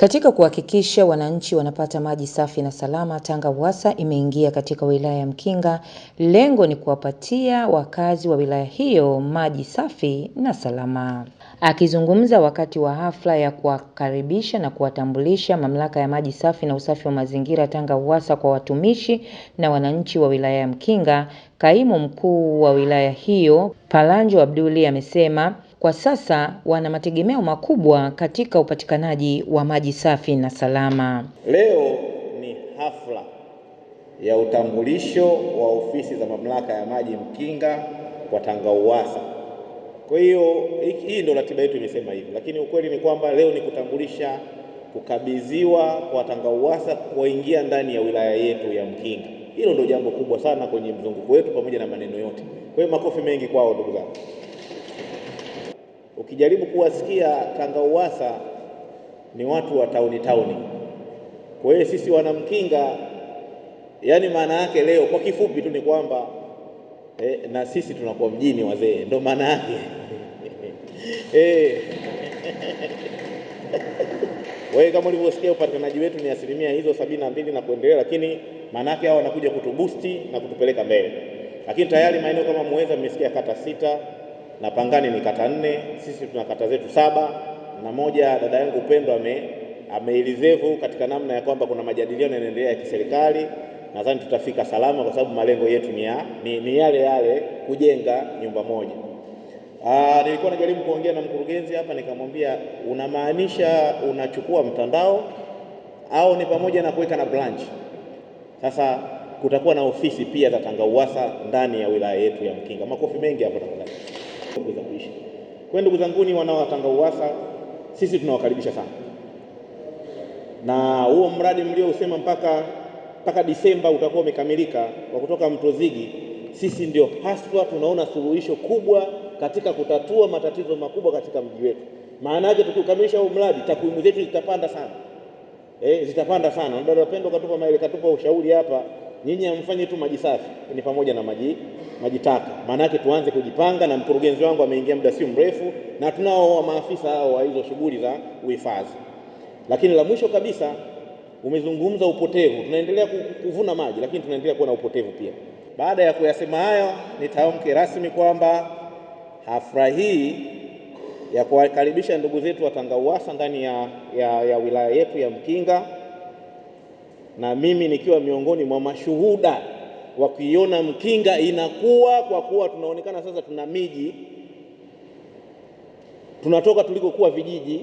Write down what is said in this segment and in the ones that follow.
Katika kuhakikisha wananchi wanapata maji safi na salama, Tanga Uwasa imeingia katika wilaya ya Mkinga. Lengo ni kuwapatia wakazi wa wilaya hiyo maji safi na salama. Akizungumza wakati wa hafla ya kuwakaribisha na kuwatambulisha Mamlaka ya Maji Safi na Usafi wa Mazingira Tanga Uwasa kwa watumishi na wananchi wa wilaya ya Mkinga, Kaimu Mkuu wa wilaya hiyo, Palanjo Abduli amesema kwa sasa wana mategemeo makubwa katika upatikanaji wa maji safi na salama. Leo ni hafla ya utambulisho wa ofisi za mamlaka ya maji Mkinga kwa TANGAUWASA. Kwa hiyo hii ndio ratiba yetu imesema hivi, lakini ukweli ni kwamba leo ni kutambulisha kukabidhiwa kwa TANGAUWASA kuingia ndani ya wilaya yetu ya Mkinga. Hilo ndio jambo kubwa sana kwenye mzunguko wetu pamoja na maneno yote. Kwa hiyo makofi mengi kwao ndugu zangu ukijaribu kuwasikia Uwasa ni watu wa tauni tauni. Kwa hiyo sisi wanamkinga, yani maana yake leo kwa kifupi tu ni kwamba eh, na sisi tunakuwa mjini wazee, ndo maana yake eh. Wewe kama ulivyosikia upatikanaji wetu ni asilimia hizo sabini na mbili na kuendelea, lakini maana yake hao wanakuja kutubusti na kutupeleka mbele. Lakini tayari maeneo kama Muheza mmesikia kata sita na Pangani ni kata nne, sisi tuna kata zetu saba na moja dada yangu Upendo ame ameilizevu katika namna ya kwamba kuna majadiliano yanaendelea ya kiserikali. Nadhani tutafika salama, kwa sababu malengo yetu ni, ya, ni, ni yale yale kujenga nyumba moja. Aa, ah, nilikuwa najaribu kuongea na mkurugenzi hapa nikamwambia, unamaanisha unachukua mtandao au ni pamoja na kuweka na branch? Sasa kutakuwa na ofisi pia za Tangauwasa ndani ya wilaya yetu ya Mkinga. Makofi mengi hapo tafadhali za kuishi. Kwa hiyo ndugu zanguni, wanaowatanga UWASA sisi tunawakaribisha sana, na huo mradi mliousema mpaka mpaka Disemba utakuwa umekamilika wa kutoka Mto Zigi, sisi ndio haswa tunaona suluhisho kubwa katika kutatua matatizo makubwa katika mji wetu. Maana yake tukiukamilisha huu mradi takwimu zetu zitapanda sana, eh, zitapanda sana. Dada Pendo katupa maelekezo, katupa ushauri hapa nyinyi hamfanyi tu maji safi, ni pamoja na maji maji taka. Maana yake tuanze kujipanga, na mkurugenzi wangu ameingia muda si mrefu, na tunao maafisa hao wa hizo shughuli za uhifadhi. Lakini la mwisho kabisa, umezungumza upotevu. Tunaendelea kuvuna maji, lakini tunaendelea kuwa na upotevu pia. Baada ya kuyasema hayo, nitaamke rasmi kwamba hafla hii ya kuwakaribisha ndugu zetu wa Tanga UWASA ndani ya, ya, ya wilaya yetu ya Mkinga na mimi nikiwa miongoni mwa mashuhuda wa kuiona Mkinga inakuwa, kwa kuwa tunaonekana sasa tuna miji tunatoka tulikokuwa vijiji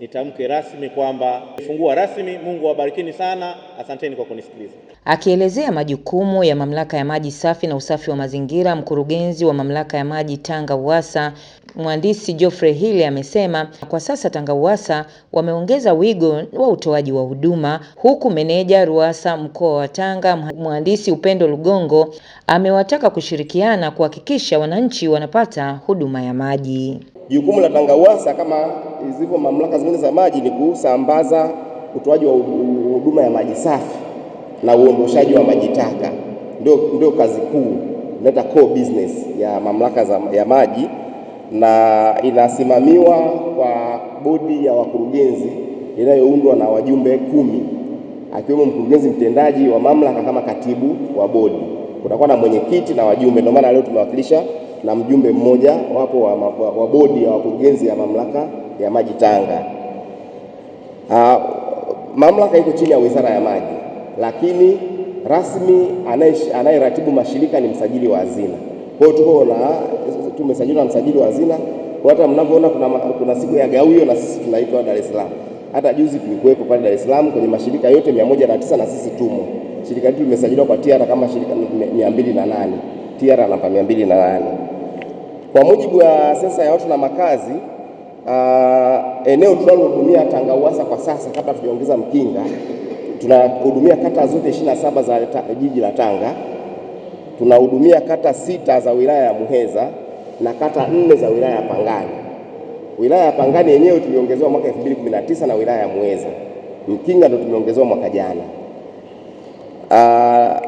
nitamke rasmi kwamba nifungua rasmi. Mungu awabarikini sana, asanteni kwa kunisikiliza. Akielezea majukumu ya mamlaka ya maji safi na usafi wa mazingira, mkurugenzi wa mamlaka ya maji Tanga Uwasa mhandisi Geoffrey Hili amesema kwa sasa Tanga Uwasa wameongeza wigo wa utoaji wa huduma, huku meneja Ruwasa mkoa wa Tanga mhandisi Upendo Lugongo amewataka kushirikiana kuhakikisha wananchi wanapata huduma ya maji. Jukumu la TANGAWASA kama zilivyo mamlaka zingine za maji ni kusambaza utoaji wa huduma ya maji safi na uondoshaji wa maji taka, ndio ndio kazi kuu, inaita core business ya mamlaka za, ya maji na inasimamiwa kwa bodi ya wakurugenzi inayoundwa na wajumbe kumi akiwemo mkurugenzi mtendaji wa mamlaka kama katibu wa bodi, kutakuwa na mwenyekiti na wajumbe. Ndio maana leo tumewakilisha na mjumbe mmoja wapo wa, wa, wa bodi ya wakurugenzi ya mamlaka ya maji Tanga. Aa, ah, mamlaka iko chini ya Wizara ya Maji, lakini rasmi anayeratibu mashirika ni msajili wa hazina. Kwa hiyo tuko na tumesajiliwa na msajili wa hazina, kwa hata mnavyoona kuna, kuna siku ya gawio na sisi tunaitwa Dar es Salaam. Hata juzi tulikuwepo pale Dar es Salaam kwenye mashirika yote 109 na tisa na sisi tumo. Shirika letu limesajiliwa kwa tiara kama shirika mia mbili na nane tiara namba mia mbili na nane. Kwa mujibu wa sensa ya watu na makazi uh, eneo tunalohudumia Tanga Uwasa kwa sasa, kabla tujaongeza Mkinga, tunahudumia kata zote 27 za jiji la Tanga, tunahudumia kata sita za wilaya ya Muheza na kata nne za wilaya ya Pangani. Wilaya ya Pangani yenyewe tuliongezewa mwaka 2019 na wilaya ya Muheza. Mkinga ndo tumeongezewa mwaka jana. Uh,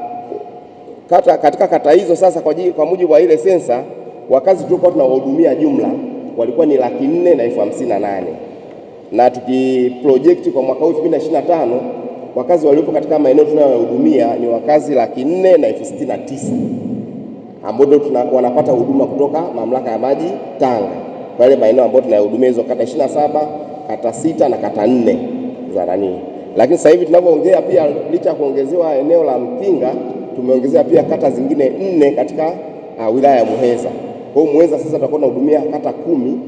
kata, katika kata hizo sasa kwa, kwa mujibu wa ile sensa wakazi tuliokuwa tunawahudumia jumla walikuwa ni laki nne na elfu hamsini na nane na tukiprojekti kwa mwaka huu 2025 wakazi waliopo katika maeneo tunayohudumia ni wakazi laki nne na elfu sitini na tisa ambao ndio wanapata huduma kutoka mamlaka ya maji Tanga kwa yale maeneo ambayo tunayahudumia hizo kata 27 kata sita na kata nne za nani. Lakini sasa hivi tunavyoongea, pia licha ya kuongezewa eneo la mpinga tumeongezea pia kata zingine nne katika uh, wilaya ya Muheza. Kwa hiyo Muheza sasa tutakuwa tunahudumia kata kumi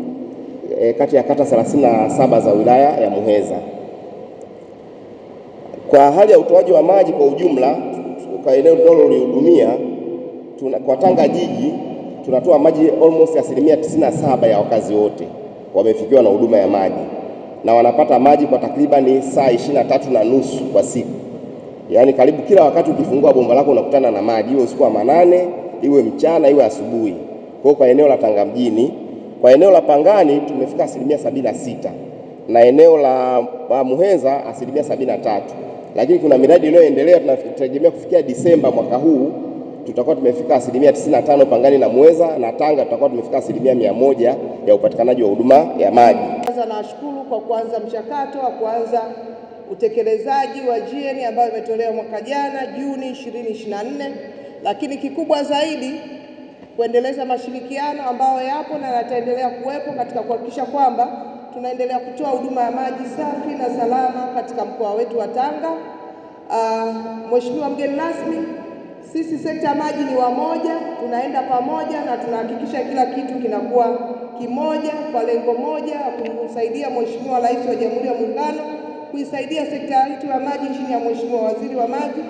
e, kati ya kata 37 za wilaya ya Muheza. Kwa hali ya utoaji wa maji kwa ujumla kwa eneo tunalolihudumia tuna, kwa Tanga jiji tunatoa maji almost asilimia 97 ya wakazi wote wamefikiwa na huduma ya maji na wanapata maji kwa takribani saa ishirini na na nusu kwa siku, yaani karibu kila wakati ukifungua bomba lako unakutana na maji, iwe usiku wa manane, iwe mchana, iwe asubuhi. Kwa kwa eneo la Tanga mjini, kwa eneo la Pangani tumefika asilimia sabini na sita na eneo la Muheza asilimia sabini na tatu lakini kuna miradi inayoendelea tunategemea kufikia Disemba mwaka huu tutakuwa tumefika asilimia 95 Pangani na Muheza, na Tanga tutakuwa tumefika asilimia mia moja ya upatikanaji wa huduma ya maji. Kwanza nawashukuru kwa kuanza mchakato wa kuanza utekelezaji wa GN ambayo imetolewa mwaka jana Juni 2024, lakini kikubwa zaidi kuendeleza mashirikiano ambayo yapo na yataendelea kuwepo katika kuhakikisha kwamba tunaendelea kutoa huduma ya maji safi na salama katika mkoa wetu wa Tanga. Uh, Mheshimiwa mgeni rasmi, sisi sekta ya maji ni wamoja, tunaenda pamoja na tunahakikisha kila kitu kinakuwa kimoja kwa lengo moja, kumsaidia Mheshimiwa Rais wa Jamhuri ya Muungano, kuisaidia sekta yetu ya maji chini ya Mheshimiwa Waziri wa Maji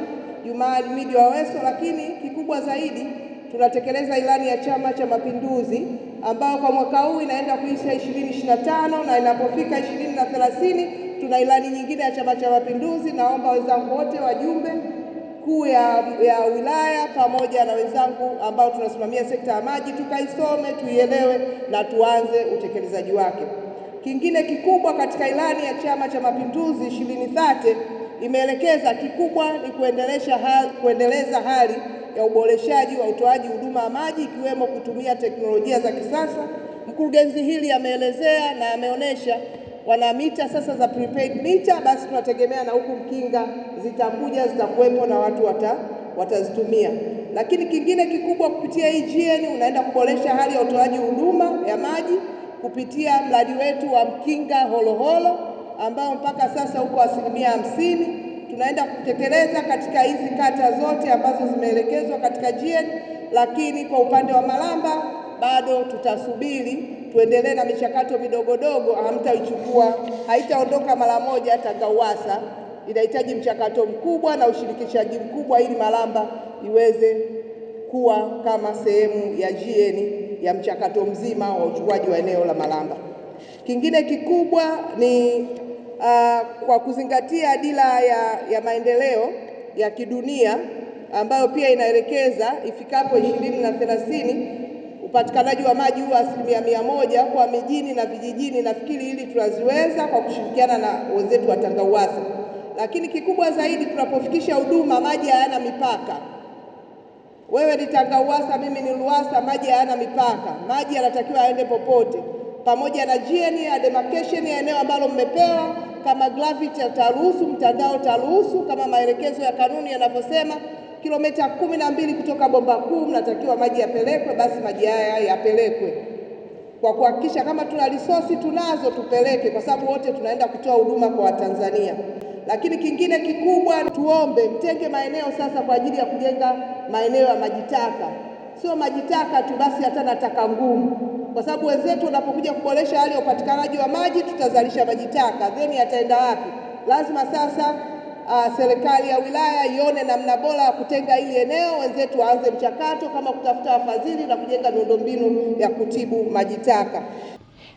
Juma Hamidu Aweso, lakini kikubwa zaidi tunatekeleza ilani ya Chama cha Mapinduzi ambayo kwa mwaka huu inaenda kuisha 2025 na inapofika 2030 tuna ilani nyingine ya Chama cha Mapinduzi. Naomba wenzangu wote wajumbe kuu ya, ya wilaya pamoja na wenzangu ambao tunasimamia sekta ya maji tukaisome, tuielewe na tuanze utekelezaji wake. Kingine kikubwa katika ilani ya Chama cha Mapinduzi 2030 imeelekeza kikubwa ni hali, kuendeleza hali ya uboreshaji wa utoaji huduma ya maji ikiwemo kutumia teknolojia za kisasa. Mkurugenzi hili ameelezea na ameonyesha wana mita sasa za prepaid mita, basi tunategemea na huku Mkinga zitakuja zitakuwepo na watu wata, watazitumia. Lakini kingine kikubwa kupitia hii e unaenda kuboresha hali ya utoaji huduma ya maji kupitia mradi wetu wa Mkinga Holoholo ambao mpaka sasa uko asilimia hamsini tunaenda kutekeleza katika hizi kata zote ambazo zimeelekezwa katika GN, lakini kwa upande wa Malamba bado tutasubiri tuendelee na michakato midogodogo, hamtaichukua haitaondoka mara moja TAKAUWASA. Inahitaji mchakato mkubwa na ushirikishaji mkubwa ili Malamba iweze kuwa kama sehemu ya GN ya mchakato mzima wa uchukuaji wa eneo la Malamba. Kingine kikubwa ni uh, kwa kuzingatia dira ya, ya maendeleo ya kidunia ambayo pia inaelekeza ifikapo ishirini na thelathini upatikanaji wa maji huwa asilimia mia moja kwa mijini na vijijini. Nafikiri hili tunaziweza kwa kushirikiana na wenzetu wa TANGAUWASA, lakini kikubwa zaidi tunapofikisha huduma, maji hayana mipaka. Wewe ni TANGAUWASA, mimi ni luasa maji hayana mipaka. Maji yanatakiwa yaende popote, pamoja na jieni ya demarcation ya eneo ambalo mmepewa kama gravity ataruhusu, mtandao utaruhusu, kama maelekezo ya kanuni yanavyosema, kilomita kumi na mbili kutoka bomba kuu mnatakiwa maji yapelekwe, basi maji haya yapelekwe kwa kuhakikisha kama tuna risosi tunazo tupeleke, kwa sababu wote tunaenda kutoa huduma kwa Watanzania. Lakini kingine kikubwa, tuombe mtenge maeneo sasa kwa ajili ya kujenga maeneo ya maji taka, sio maji taka tu basi, hata nataka ngumu kwa sababu wenzetu wanapokuja kuboresha hali ya upatikanaji wa maji, tutazalisha maji taka, then yataenda wapi? Lazima sasa uh, serikali ya wilaya ione namna bora ya kutenga hili eneo, wenzetu waanze mchakato kama kutafuta wafadhili na kujenga miundombinu ya kutibu maji taka.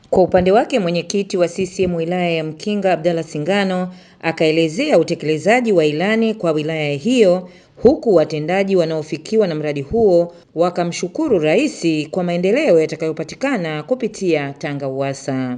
Kwa upande wake mwenyekiti wa CCM wilaya ya Mkinga Abdalla Singano akaelezea utekelezaji wa ilani kwa wilaya hiyo huku watendaji wanaofikiwa na mradi huo wakamshukuru Rais kwa maendeleo yatakayopatikana kupitia Tanga Uwasa.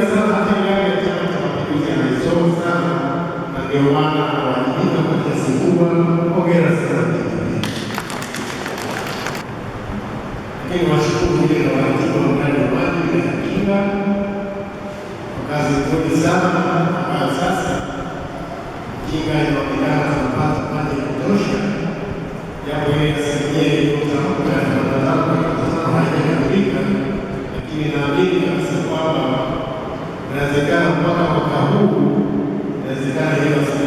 inawezekana mpaka mwaka huu, inawezekana hiyo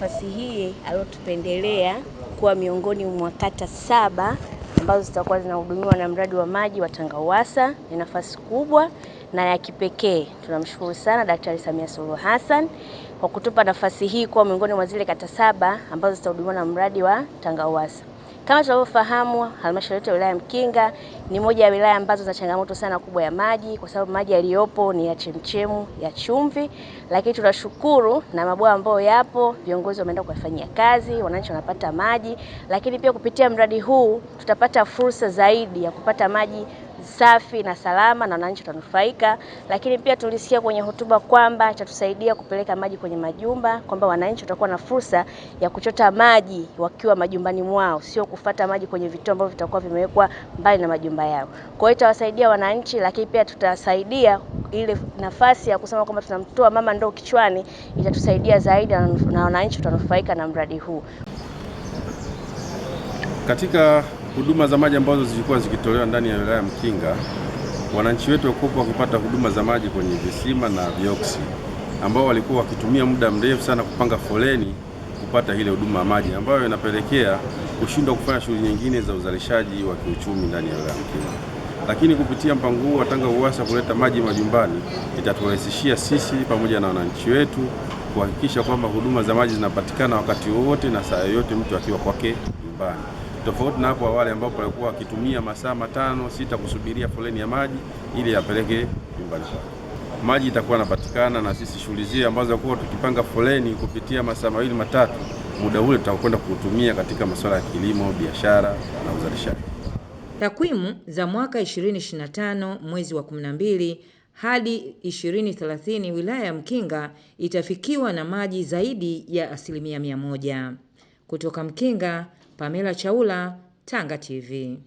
nafasi hii aliotupendelea kuwa miongoni mwa kata saba ambazo zitakuwa zinahudumiwa na mradi wa maji wa Tanga Uwasa. Ni nafasi kubwa na ya kipekee. Tunamshukuru sana Daktari Samia Suluhu Hassan kwa kutupa nafasi hii kuwa miongoni mwa zile kata saba ambazo zitahudumiwa na mradi wa Tanga Uwasa. Kama tunavyofahamu, halmashauri yetu ya wilaya Mkinga ni moja ya wilaya ambazo zina changamoto sana kubwa ya maji, kwa sababu maji yaliyopo ni ya chemchemu ya chumvi, lakini tunashukuru na mabwawa ambayo yapo, viongozi wameenda kuyafanyia kazi, wananchi wanapata maji, lakini pia kupitia mradi huu tutapata fursa zaidi ya kupata maji safi na salama na wananchi watanufaika. Lakini pia tulisikia kwenye hotuba kwamba itatusaidia kupeleka maji kwenye majumba, kwamba wananchi watakuwa na fursa ya kuchota maji wakiwa majumbani mwao, sio kufata maji kwenye vituo ambavyo vitakuwa vimewekwa mbali na majumba yao. Kwa hiyo itawasaidia wananchi, lakini pia tutasaidia ile nafasi ya kusema kwamba tunamtoa mama ndoo kichwani, itatusaidia zaidi na wananchi watanufaika na mradi huu katika huduma za maji ambazo zilikuwa zikitolewa ndani ya wilaya ya Mkinga, wananchi wetu walikuwa wakipata huduma za maji kwenye visima na vioksi, ambao walikuwa wakitumia muda mrefu sana kupanga foleni kupata ile huduma ya maji ambayo inapelekea kushindwa kufanya shughuli nyingine za uzalishaji wa kiuchumi ndani ya wilaya ya Mkinga. Lakini kupitia mpango huu wa Tanga Uwasa kuleta maji majumbani, itaturahisishia sisi pamoja na wananchi wetu kuhakikisha kwamba huduma za maji zinapatikana wakati wowote na saa yoyote mtu akiwa kwake nyumbani tofauti na hapo awali ambapo walikuwa wakitumia masaa matano sita kusubiria foleni ya maji ili yapeleke nyumbani kwao. Maji itakuwa yanapatikana na sisi shughuli zile ambazo kwa tukipanga foleni kupitia masaa mawili matatu, muda ule tutakwenda kuutumia katika masuala ya kilimo, biashara na uzalishaji. Takwimu za mwaka 2025 mwezi wa 12 hadi 2030 wilaya ya Mkinga itafikiwa na maji zaidi ya asilimia mia moja. Kutoka Mkinga, Pamela Chaula, Tanga TV.